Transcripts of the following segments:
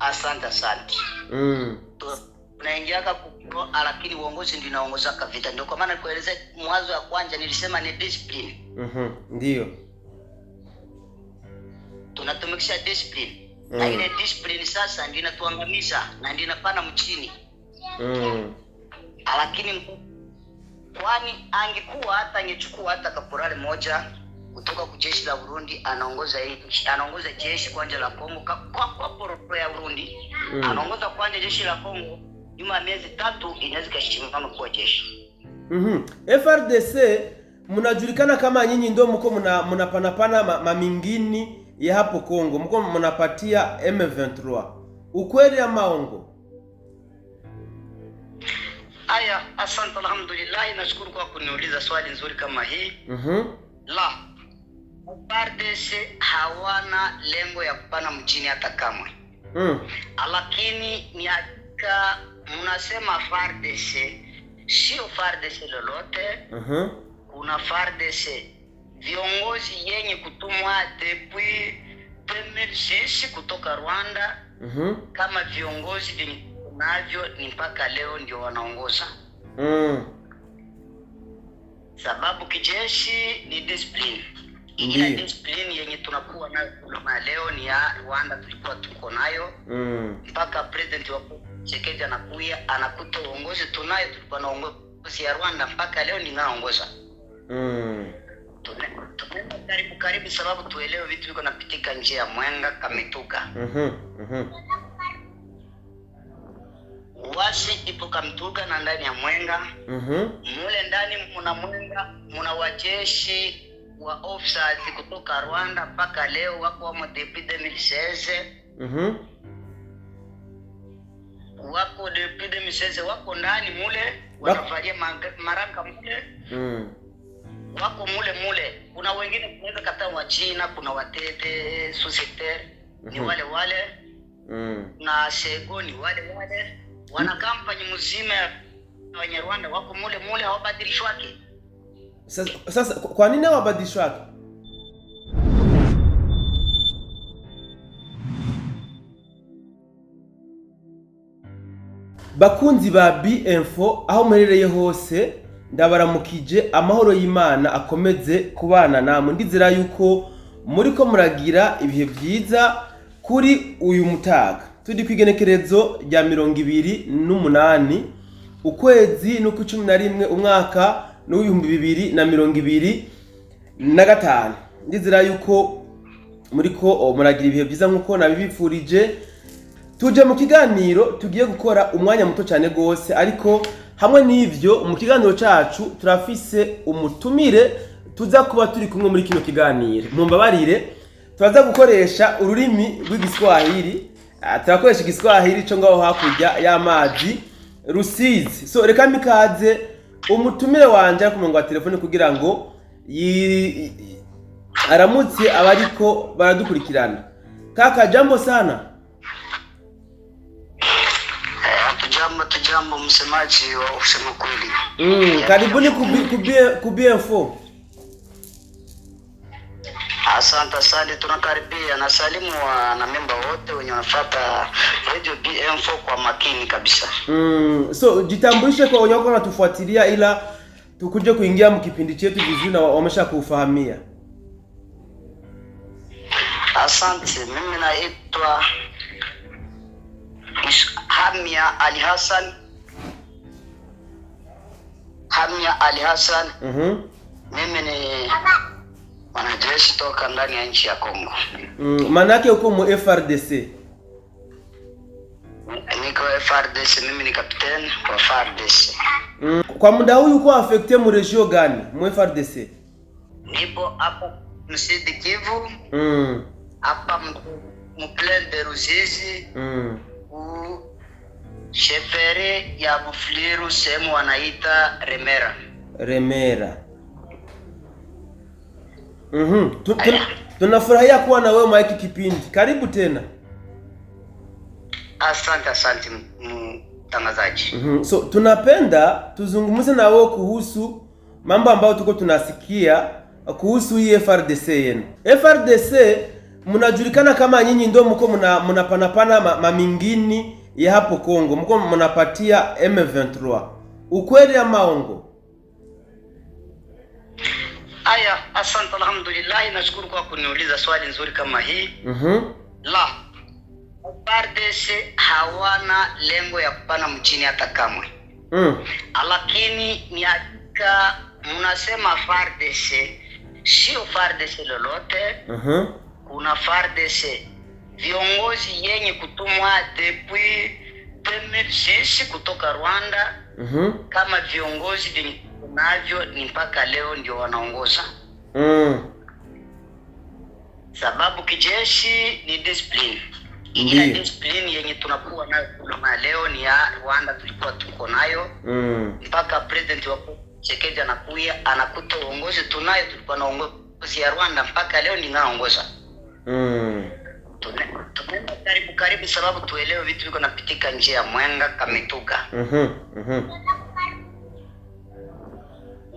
Asante asante mm. Tunaingiaka lakini uongozi ndio inaongozaka vita, ndio kwa maana kueleza mwanzo wa kwanja nilisema ni discipline mm -hmm. Ndio tunatumikisha discipline mm. Na ile discipline sasa ndio inatuangamiza na ndio inapana mchini mm. Lakini kwani angekuwa hata angechukua hata kaporali moja kutoka kujeshi la Burundi, anaongoza anaongoza jeshi kwanja la Kongo kwa kwa poro ya Burundi mm. anaongoza kwanja jeshi la Kongo, nyuma ya miezi tatu inaweza kashimama kwa jeshi mhm mm FRDC mnajulikana kama nyinyi ndio mko mnapanapana mna mamingini ma ya hapo Kongo, mko mnapatia M23 ukweli ya maongo haya? Asante, alhamdulillah, nashukuru kwa kuniuliza swali nzuri kama hii. mm -hmm. la FARDC hawana lengo ya kupana mjini hata kamwe mm. Lakini ni hakika mnasema FARDC sio FARDC lolote mm -hmm. Kuna FARDC viongozi yenye kutumwa depuis 2006 kutoka Rwanda mm -hmm. Kama viongozi vyenye navyo ni mpaka leo ndio wanaongoza mm. Sababu kijeshi ni discipline ila discipline yenye tunakuwa nayo kuluma leo ni ya Rwanda tulikuwa tuko nayo mm. mpaka president wa Chekeje anakuya anakuta uongozi tunayo, tulikuwa na uongozi ya Rwanda mpaka leo ninaongoza mm. tunaenda karibu karibu, sababu tuelewe vitu viko napitika nje ya Mwenga kamituka mm mm Wasi ipo kamtuka na ndani ya Mwenga mm mule ndani muna Mwenga muna wajeshi wa officers kutoka Rwanda mpaka leo wako wamo depuis 2016. Mhm. Wako depuis 2016 wako ndani mule wanavalia maranga mule. Mhm. Wako mule mule. Kuna wengine kunaweza kata wa China, kuna watete societe ni mhm. wale wale. Mhm. Na sego ni wale wale. Wana kampani mzima wa Rwanda wako mule mule hawabadilishwake. Sasa, sasa kwa nini hawabadilishwi wake? Bakunzi ba B-Info aho muherereye hose ndabaramukije amahoro y'Imana akomeze kubana namwe ndizera yuko muri ko muragira ibihe byiza kuri uyu mutaga turi ku igenekerezo rya mirongo ibiri n'umunani ukwezi n'uko cumi na rimwe umwaka n'uw'ibihumbi bibiri na mirongo ibiri na gatanu ndizera yuko muri ko muragira ibihe byiza nk'uko nabibifurije tuje mu kiganiro tugiye gukora umwanya muto cyane rwose ariko hamwe n'ibyo mu kiganiro cyacu turafise umutumire tuza kuba turi kumwe muri kino kiganiro mumbabarire turaza gukoresha ururimi rw'igiswahili turakoresha igiswahili cyo ngaho hakurya y'amazi rusizi so reka mikaze umutumire wanjye ku murongo wa telefoni kugira ngo aramutse aba ariko baradukurikirana kaka jambo sana jambo eh, tujambo msemaji wa kusema kweli mm, karibuni kubi, kubi, kubi, kubi Asante sana, tunakaribia na salimu memba wote wenye wanafuata Radio BM4 kwa makini kabisa. Mm, so jitambulishe kwa wenye wako wanatufuatilia, ila tukuje kuingia mkipindi chetu vizuri na wamesha kufahamia. Asante, mimi naitwa Hamia Ali Hassan. Hamia Ali Hassan. Mhm. Mm, mimi ni wanajeshi toka ndani ya nchi ya Kongo. Mm, maanake uko mu FRDC? Niko FRDC, mimi ni kapteni wa FRDC. Mm, kwa muda huyu uko affecté mu region gani mu FRDC? Nipo hapo Msidi Kivu. Mm. Hapa mu plaine de Ruzizi. Mm. U shepere ya Bufuliru sehemu wanaita Remera. Remera. Mhm. Mm Tunafurahia kuwa na wewe Mike kipindi. Karibu tena. Asante, asante mtangazaji. Mm -hmm. So tunapenda tuzungumze na wewe kuhusu mambo ambayo tuko tunasikia kuhusu hii FRDC yenu. FRDC mnajulikana kama nyinyi ndio mko mnapanapana ma, mamingini ya hapo Kongo, mko mnapatia M23. Ukweli ya maongo? aya asante, alhamdulillah, nashukuru kwa kuniuliza swali nzuri kama hii. mm La, FARDC hawana lengo ya kupana mchini hata kamwe. mm. Lakini ni hakika mnasema FARDC sio FARDC lolote. mm Kuna FARDC viongozi yenye kutumwa depuis 2006 kutoka Rwanda. mm kama viongozi vyenye navyo ni mpaka leo ndio wanaongoza mm. Sababu kijeshi ni discipline ingine, discipline yenye tunakuwa nayo kuna leo ni ya Rwanda, tulikuwa tuko nayo mm. mpaka president wa Chekeja anakuya anakuta uongozi tunayo, tulikuwa na uongozi ya Rwanda mpaka leo ni ngaongoza mm. Tunaenda karibu karibu, sababu tuelewe vitu viko napitika njia ya mwenga kametuka mm -hmm. Mm -hmm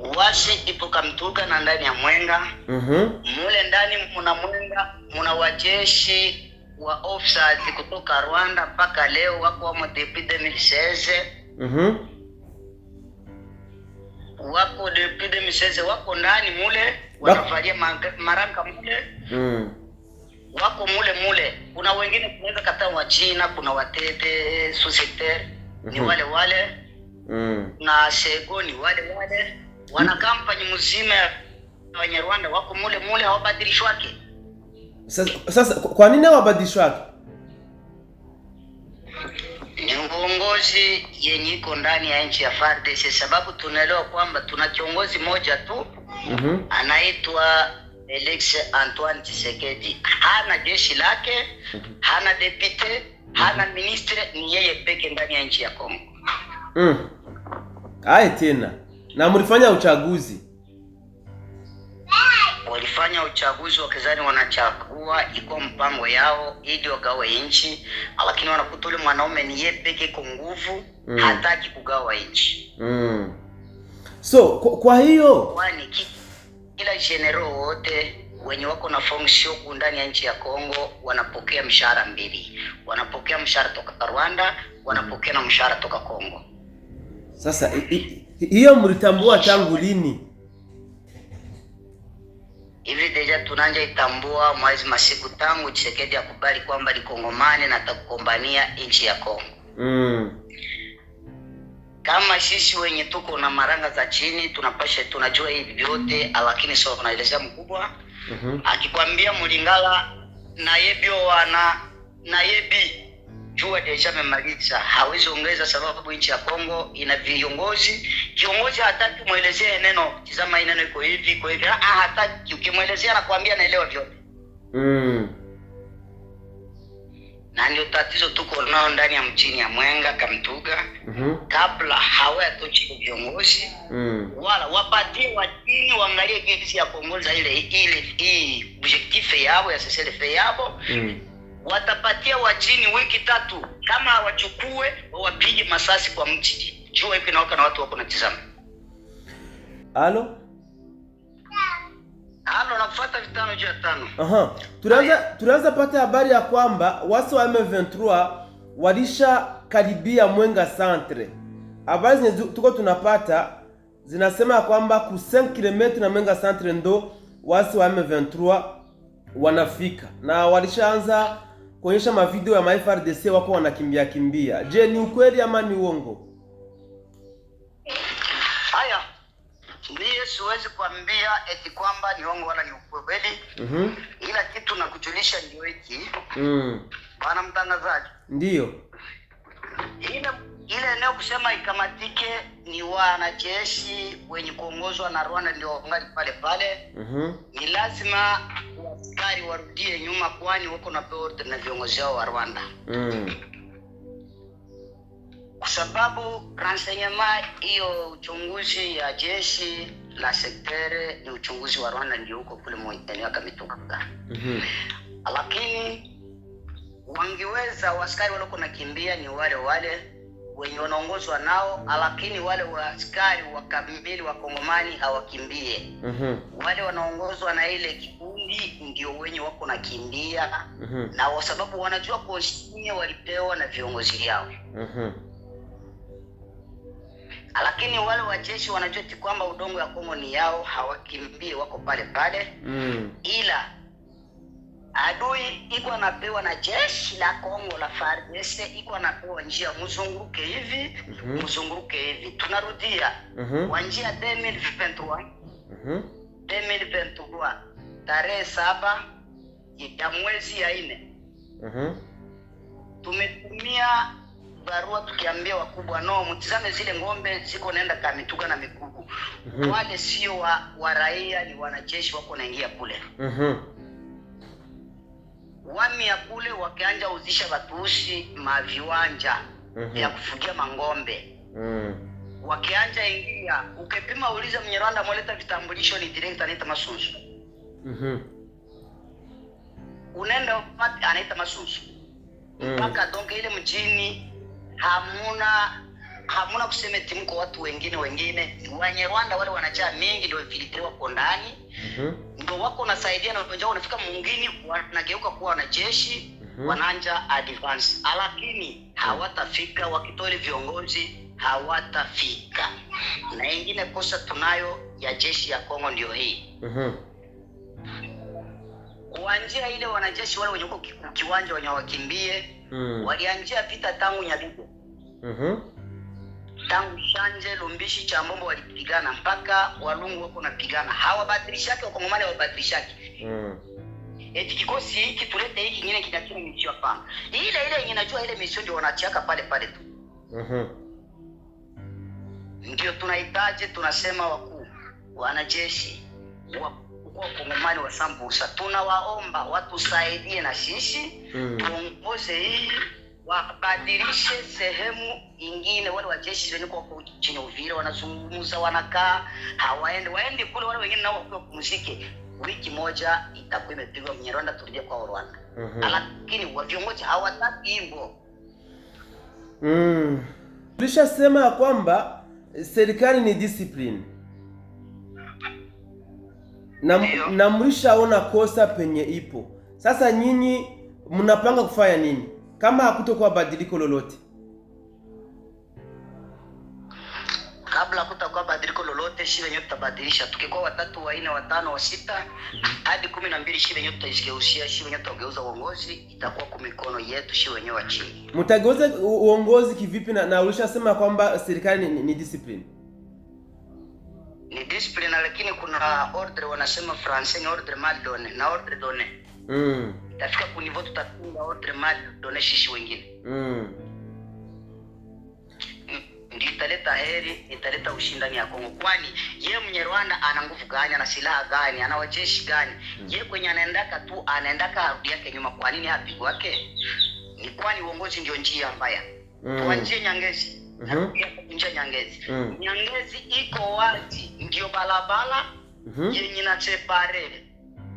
wasi ipo Kamtuga na ndani ya Mwenga mm-hmm. Mule ndani muna Mwenga muna wajeshi wa officers kutoka Rwanda mpaka leo wako wamo depuis 2016 mm-hmm. Wako depuis 2016 wako ndani mule wanafalia maranga mule mm. Wako mule mule, kuna wengine kunaweza kata wa China, kuna watete societe ni mhm. wale wale mm. na sego ni wale wale wana kampani mzima ya Wanyarwanda wako mule mule, hawabadilishwake. Sasa, sasa kwa nini hawabadilishwake? Ni uongozi yenye iko ndani ya nchi ya FARDC, sababu tunaelewa kwamba tuna kiongozi moja tu mm -hmm. anaitwa Felix Antoine Tshisekedi, hana jeshi lake, mhm. hana depute, hana ministre, ni yeye peke ndani ya nchi ya Kongo. Mm. Ai tena na mlifanya uchaguzi? Walifanya uchaguzi, wakizani wanachagua, iko mpango yao ili wagawe nchi, lakini wanakuta ule mwanaume ni yeye peke iko nguvu mm. hataki kugawa nchi mm. so kwa, kwa hiyo kwani kila general wote wenye wako na fonction huku ndani ya nchi ya Kongo wanapokea mshahara mbili, wanapokea mshahara toka Rwanda, wanapokea na mshahara toka Kongo. Sasa i, i, hiyo mlitambua tangu lini? Hivi deja tunanja itambua mwezi masiku tangu Tshisekedi akubali kwamba ni Kongomani na atakugombania nchi ya Kongo. Mm. Kama sisi wenye tuko na maranga za chini tunapasha tunajua hivi vyote, lakini sio tunaelezea mkubwa. Mm -hmm. Akikwambia mulingala na yebi wana na yebi jua lishamemaliza, hawezi ongeza, sababu nchi ya Kongo ina viongozi. Kiongozi hataki umwelezee neno, tizama neno iko hivi, iko hivi, ah, hataki. Ukimwelezea anakuambia naelewa vyote mm. na ndio tatizo tuko nao ndani ya mchini ya Mwenga Kamtuga. mm -hmm. kabla hawayatochi viongozi mm. wala wapatie wajini waangalie kesi ya kuongoza ile ile hii objective yao ya sesele yao mm watapatia wachini wiki tatu, kama hawachukue wawapige masasi kwa mji Jua hivi inawaka na watu wako na natizama. Halo halo, nakufuata vitano juu ya tano. Aha, tulianza tulianza pata habari ya kwamba wasi wa M23 walisha karibia Mwenga centre. Habari zenye tuko tunapata zinasema kwamba ku 5 km na Mwenga centre ndo wasi wa M23 wanafika na walishaanza kuonyesha mavideo ya maFRDC wako wanakimbia kimbia. Je, ni ukweli ama ni uongo? Haya ndiye siwezi kuambia eti kwamba ni uongo wala ni ukweli. mm -hmm. Ila kitu nakujulisha ndio hiki mm. Bana mtangazaji, ndio ile ile eneo kusema ikamatike ni wanajeshi wenye kuongozwa na Rwanda ndio wangali pale pale. mm -hmm. Ni lazima askari warudie nyuma, kwani wako na board na viongozi wao wa Rwanda. mm. Kwa sababu renseignement hiyo uchunguzi ya jeshi la sektere ni uchunguzi wa Rwanda ndio huko kule eneo wa Kamituga. mm -hmm. Lakini wangeweza waskari waliokuwa nakimbia ni wale wale wenye wanaongozwa nao, lakini wale waaskari wakamili wakongomani hawakimbie. mm -hmm. Wale wanaongozwa na ile kikundi ndio wenye wako nakimbia. mm -hmm. Na kwa sababu wanajua konsigne walipewa na viongozi yao. mm -hmm. Lakini wale wajeshi wanajua ti kwamba udongo ya Kongo ni yao, hawakimbie, wako pale pale. mm -hmm. ila adui iko anapewa na jeshi la Kongo la FARDC, iko anapewa njia mzunguke hivi mm -hmm. mzunguke hivi tunarudia mm -hmm. wa njia 2023 mm -hmm. 2023 tarehe saba ya mwezi ya nne mm -hmm. tumetumia barua tukiambia wakubwa no, mtizame zile ng'ombe ziko naenda kamituka na mikuku mm -hmm. wale sio wa, wa raia ni wanajeshi wako naingia kule mm -hmm wami ya kule wakianja uzisha batuushi maviwanja mm -hmm. ya kufugia mang'ombe mm. wakianja ingia ukepima uliza mnyarwanda mwaleta vitambulisho ni direkta anaita masusu mhm. mm -hmm. wapi anaita masusu mpaka mm. donge ile mjini hamuna hamuna kusema timko watu wengine wengine wanyarwanda wale wanachaa mingi ndio vilitrewa kwa ndani mm -hmm. ndo wako unasaidia na wenzao, unafika mungini wanageuka kuwa wanajeshi mm -hmm. wananja advance, lakini hawatafika wakitoa viongozi hawatafika. Na ingine kosa tunayo ya jeshi ya Kongo ndio hii mm -hmm. kuanzia ile wanajeshi wale wenye uko kiwanja wenye wakimbie mm -hmm. walianzia vita tangu Nyabibu mm -hmm tangu Shanje Lumbishi cha Mbombo walipigana mpaka Walungu wako napigana, hawabadilishaki wakongomani hawabadilishaki mm. Eti kikosi hiki tulete hiki kingine kinakini misio hapana, ile ile yenye najua ile misio ndio wanachiaka pale pale tu mm -hmm. Ndio tunahitaji tunasema, wakuu wanajeshi wakongomani wa Sambusa, tunawaomba watusaidie na sisi mm. tuongoze hii wabadilishe sehemu ingine, wale wajeshi wenye kwa chini Uvira wanazungumza, wanakaa hawaende, waende kule, wale wengine nao wakuwa kumzike wiki moja itakuwa imepigwa mwenye Rwanda, turudie kwa Rwanda. mm -hmm. Lakini wa viongozi hawataki hivyo. mm. Tulishasema ya kwamba eh, serikali ni discipline na, na mlishaona kosa penye ipo sasa. Nyinyi mnapanga kufanya nini? kama hakutakuwa badiliko lolote kabla hakutakuwa badiliko lolote, shi venyewe tutabadilisha. Tukikuwa watatu, wanne, watano, wa sita mhm. hadi kumi na mbili, shi venyewe tutaishigeushia, shi venyewe tutageuza uongozi, itakuwa kwa mikono yetu, shi wenyewe wa chini. Mtageuza uongozi kivipi? na, na ulishasema kwamba serikali ni, ni discipline ni discipline, lakini kuna ordre wanasema francais ni ordre mal donne na ordre donne mm. Itafika kunivo tutafunga otre mali tuoneshishi wengine mm. Ndio italeta heri, italeta ushindani ya Kongo, kwani ye mwenye Rwanda ana nguvu gani? Ana silaha gani? Ana wajeshi gani? mm. Ye kwenye anaendaka tu anaendaka arudi yake nyuma. Kwa nini hapigwake? Ni kwani uongozi ndio njia mbaya. mm. Tuanzie Nyangezi mm -hmm. Nyangezi mm. Nyangezi iko wazi, ndio balabala mm -hmm. yenye na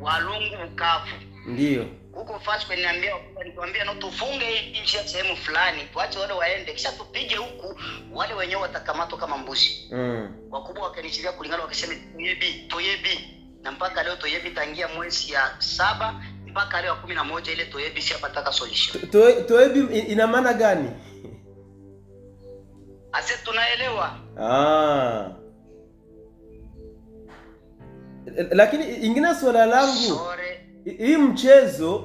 Walungu Bukavu ndio. Huko Fasco niambia nikwambia na tufunge nchi ya sehemu fulani, tuache wale waende kisha tupige huku wale wenyewe watakamatwa kama mbuzi. Mm. Wakubwa wakanishiria kulingana wakasema toyebi, toyebi. Na mpaka leo toyebi tangia mwezi ya saba mpaka leo kumi na moja ile toyebi si apataka solution. Toyebi ina maana gani? Ase tunaelewa. Ah. Lakini ingine swala langu. Sorry hii mchezo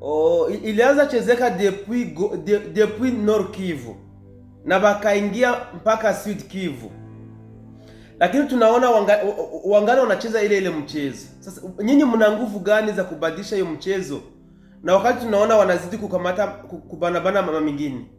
oh, ilianza chezeka depuis go, de, depuis Nord Kivu na bakaingia mpaka Sud Kivu, lakini tunaona wanga, wanacheza ile ile mchezo. Sasa nyinyi mna nguvu gani za kubadilisha hiyo mchezo, na wakati tunaona wanazidi kukamata kubanabana mama mingine?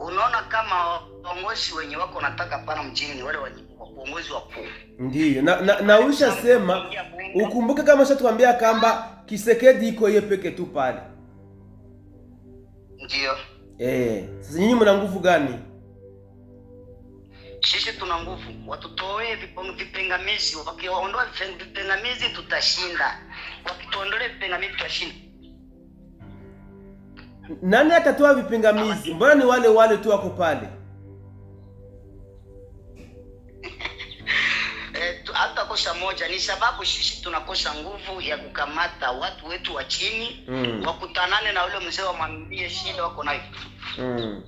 Unaona kama ongoshi wenye wako nataka pana mjini wale wenye mwezi wa kumi. Ndiyo na, na, na ulishasema ukumbuke, kama shatuambia kamba Kisekedi iko yeye peke tu pale. Ndiyo eh, sasa nyinyi mna nguvu gani? Sisi tuna nguvu, watutoe vipingamizi. Wakiondoa vipingamizi, tutashinda. Wakituondolea vipingamizi, tutashinda. Nani atatoa vipingamizi? Mbona ni wale wale tu wako pale kosa moja, ni sababu sisi tunakosa nguvu ya kukamata watu wetu wa chini mm. wakutanane na ule mzee wamwambie shida wako nayo mm.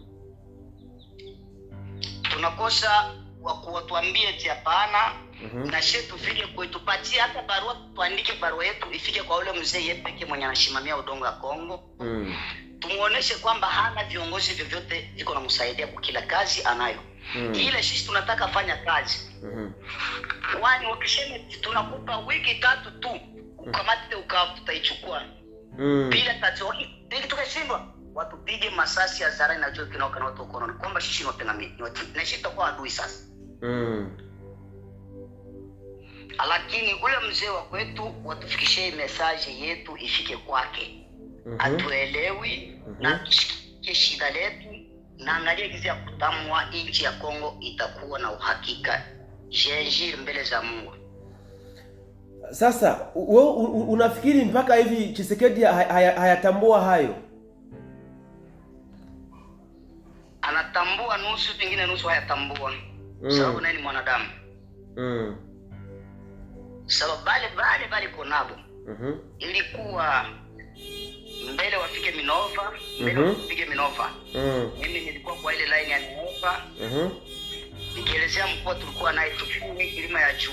tunakosa wakuwatwambie ti hapana mm -hmm. na sisi tufike kwetupatie hata barua, tuandike barua yetu ifike kwa ule mzee pekee mwenye anasimamia udongo ya Kongo mm. tumuoneshe kwamba hana viongozi vyovyote viko namsaidia kwa kila kazi anayo mm. Ile sisi tunataka fanya kazi mm -hmm. Wani wakisema tunakupa wiki tatu tu mm. ukamate ukafu utaichukua mm. Bila tatizo hili tukashindwa, watupige masasi ya zara na jua kinaoka na watu kono kwamba sisi tunapenda sisi tutakuwa adui sasa mm. Lakini ule mzee wa kwetu watufikishie message yetu ifike kwake, mm mm-hmm. -hmm. atuelewi mm -hmm. na mm-hmm. tusikie shida letu na angalia jinsi ya kutamwa, nchi ya Kongo itakuwa na uhakika jeje mbele za Mungu. Sasa wewe unafikiri mpaka hivi Chisekedi hayatambua haya, haya hayo? Anatambua nusu, pengine nusu hayatambua mm. Sababu naye ni mwanadamu mm. Sababu bale bale bale konabo mm -hmm. ilikuwa mbele wafike Minova, mbele mm -hmm. wafike Minova. Mm. Mimi nilikuwa kwa ile line ya Minova. Mhm. Mm Nikielezea mkuu tulikuwa naye tukuni kilima ya juu.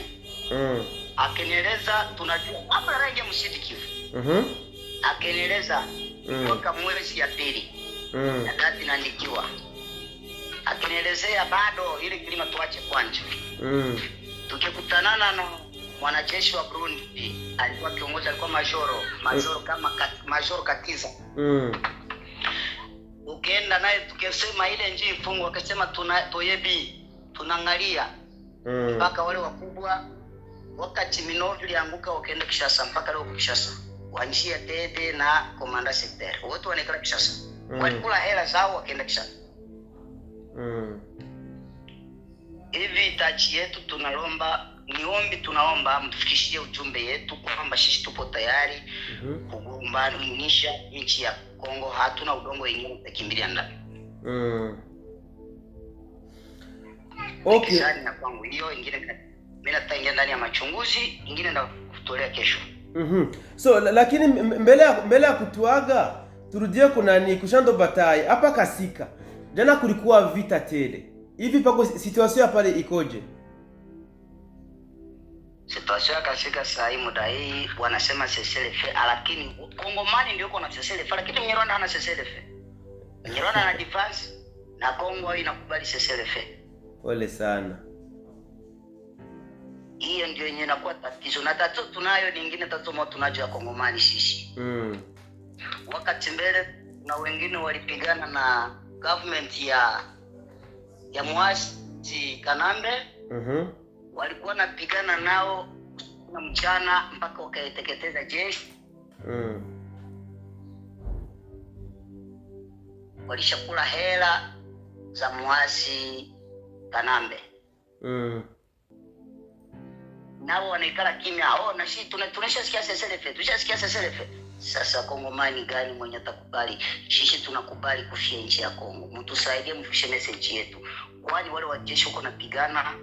Mhm. Akanieleza tunajua hapa range msidikivu. Mhm. Mm Akanieleza kutoka mm. mwezi ya pili. Mm. Na kati naandikiwa. Akanielezea bado ile kilima tuache kwanja. Mhm. Tukikutanana na no, mwanajeshi wa Burundi alikuwa kiongozi, alikuwa majoro majoro, kama kat, majoro Katiza mm. Ukienda naye tukisema ile njia ifungwe, akasema tuna toyebi tunangalia mm. mpaka mm. wale wakubwa wakati minovu ilianguka wakaenda Kishasa, mpaka leo Kishasa wanjia tete na komanda sekter wote wanaikala Kishasa mm. walikula hela zao wakaenda Kishasa mm. hivi mm. tachi yetu tunalomba ombi tunaomba mtufikishie ujumbe yetu kwamba sisi tupo tayari mm -hmm. kugombanisha nchi ya Kongo, hatuna udongo wenyewe utakimbilia ndani mm. Okay. Na kwangu hiyo ingine mimi nataingia ndani ya machunguzi, ingine na kutolea kesho. mm -hmm. so lakini mbele ya mbele ya kutuaga turudie kuna ni kushando batai hapa Kasika. Jana kulikuwa vita tele. Hivi pako situation ya pale ikoje? sitosha kashika saa hii muda hii wanasema seselefe, lakini Kongomani ndio uko na seselefe, lakini Rwanda hana seselefe. Rwanda ana defense na Kongo hii inakubali seselefe. Pole sana, hiyo ndio yenye inakuwa tatizo, na tatizo tunayo nyingine, tatizo moja tunacho ya Kongomani sisi mm. wakati mbele na wengine walipigana na government ya ya mwasi Kanambe mm walikuwa napigana nao na mchana mpaka wakaiteketeza jeshi mm. Walishakula hela za mwasi Kanambe mm. Nao wanaikala kimya. Oh, na shi tunashasikia seselefe, tushasikia seselefe. Sasa kongomani gani mwenye atakubali? Shishi tunakubali kufia nchi ya Kongo, mtusaidie, mfushe meseji yetu, kwani wale wajeshi huko napigana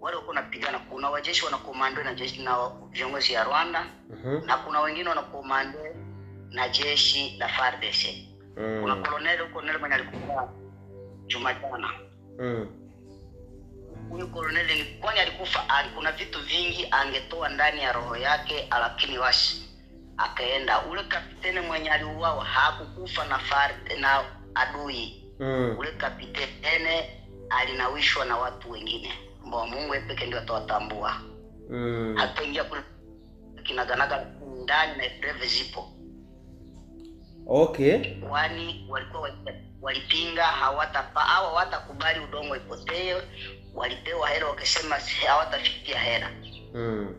wale wako wanapigana, kuna wajeshi wanakomando na jeshi na viongozi ya Rwanda mm-hmm. na kuna wengine wanakomando na jeshi la FARDC mm. kuna koloneli koloneli mwenye alikuwa Jumatana mm huyu koloneli kwani alikufa, kuna vitu vingi angetoa ndani ya roho yake, lakini washi akaenda. Ule kapiteni mwenye aliuawa hakukufa na far, na adui mm. Ule kapiteni alinawishwa na watu wengine. Mungu pekee ndio atawatambua. Mm. Hataingia kule kinaganaga ndani na Ebreve zipo. Okay. Kwani walikuwa walipinga hawatapa hawa watakubali udongo ipotee, walipewa hela wakisema hawatafikia hela. Mm.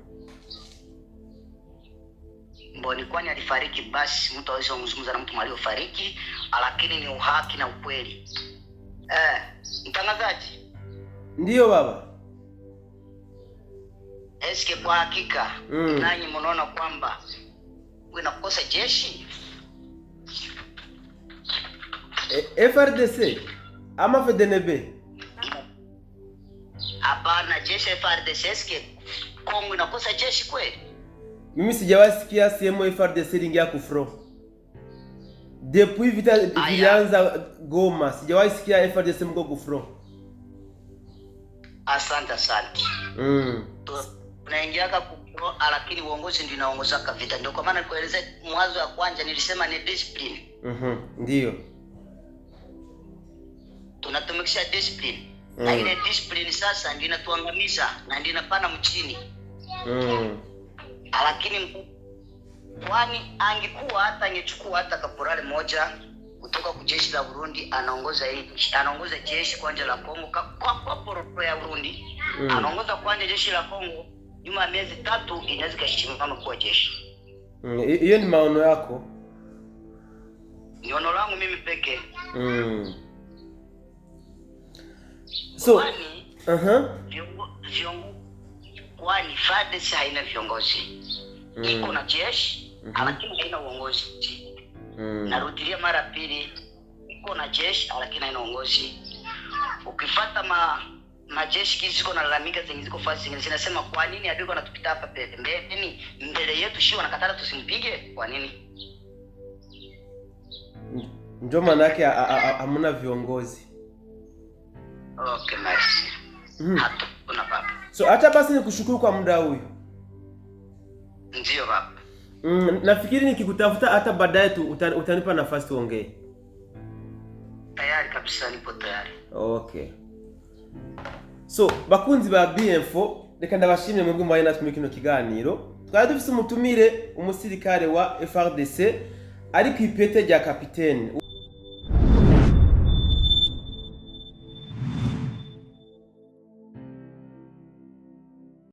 Mboni kwani alifariki, basi mtu aweze kumzungumza na mtu aliyofariki, lakini ni uhaki na ukweli. Eh, mtangazaji. Ndiyo baba eske kwa hakika mm. nanyi mnaona kwamba unakosa jeshi e, FRDC ama FDNB? Hapana, jeshi FRDC. Eske Kongo inakosa jeshi kweli? Mimi sijawasikia sehemu FRDC lingia kufro depuis vita vilianza Goma, sijawahi sikia FRDC mko kufro. Asante, asante mm unaingiaka kuo, lakini uongozi ndio inaongozaka vita. Ndio kwa maana kueleza mwanzo wa kwanza nilisema ni discipline. Mhm, mm ndio tunatumikisha discipline mm. na ile discipline sasa ndio inatuangamiza na ndio inapana mchini mhm Lakini kwani angekuwa hata angechukua hata kaporali moja kutoka kujeshi la Burundi anaongoza hii anaongoza jeshi kwanja la Kongo kwa, kwa, kwa poro ya Burundi mm. anaongoza kwanja jeshi la Kongo nyuma ya miezi tatu inaweza ikashimama kuwa jeshi. Mm, hiyo mm, ni maono yako? Ni ono langu mimi peke. Mm. So, uh -huh. Viongo, kwani FARDC haina viongozi mm. Iko na jeshi mm -hmm. Lakini haina uongozi mm. Narudilia mara pili, iko na jeshi lakini haina uongozi. Ukifata ma majeshi kizi ziko nalalamika zenye ziko fasi zingine zinasema, kwa nini adui kwa natupita hapa pembeni mbele yetu, shi wanakatala tusimpige kwa nini? Ndio maana yake hamna viongozi. Okay, merci. Mm. kuna baba. So hata basi nikushukuru kwa muda huyu. Ndio baba. Mm, nafikiri nikikutafuta hata baadaye tu utan, utanipa nafasi tuongee. Tayari kabisa, nipo tayari. Okay. so bakunzi ba BF reka ndabashimye mwebwe mubaye natwe muri kino kiganiro twari dufise umutumire umusirikare wa FRDC ariko ipete rya kapitene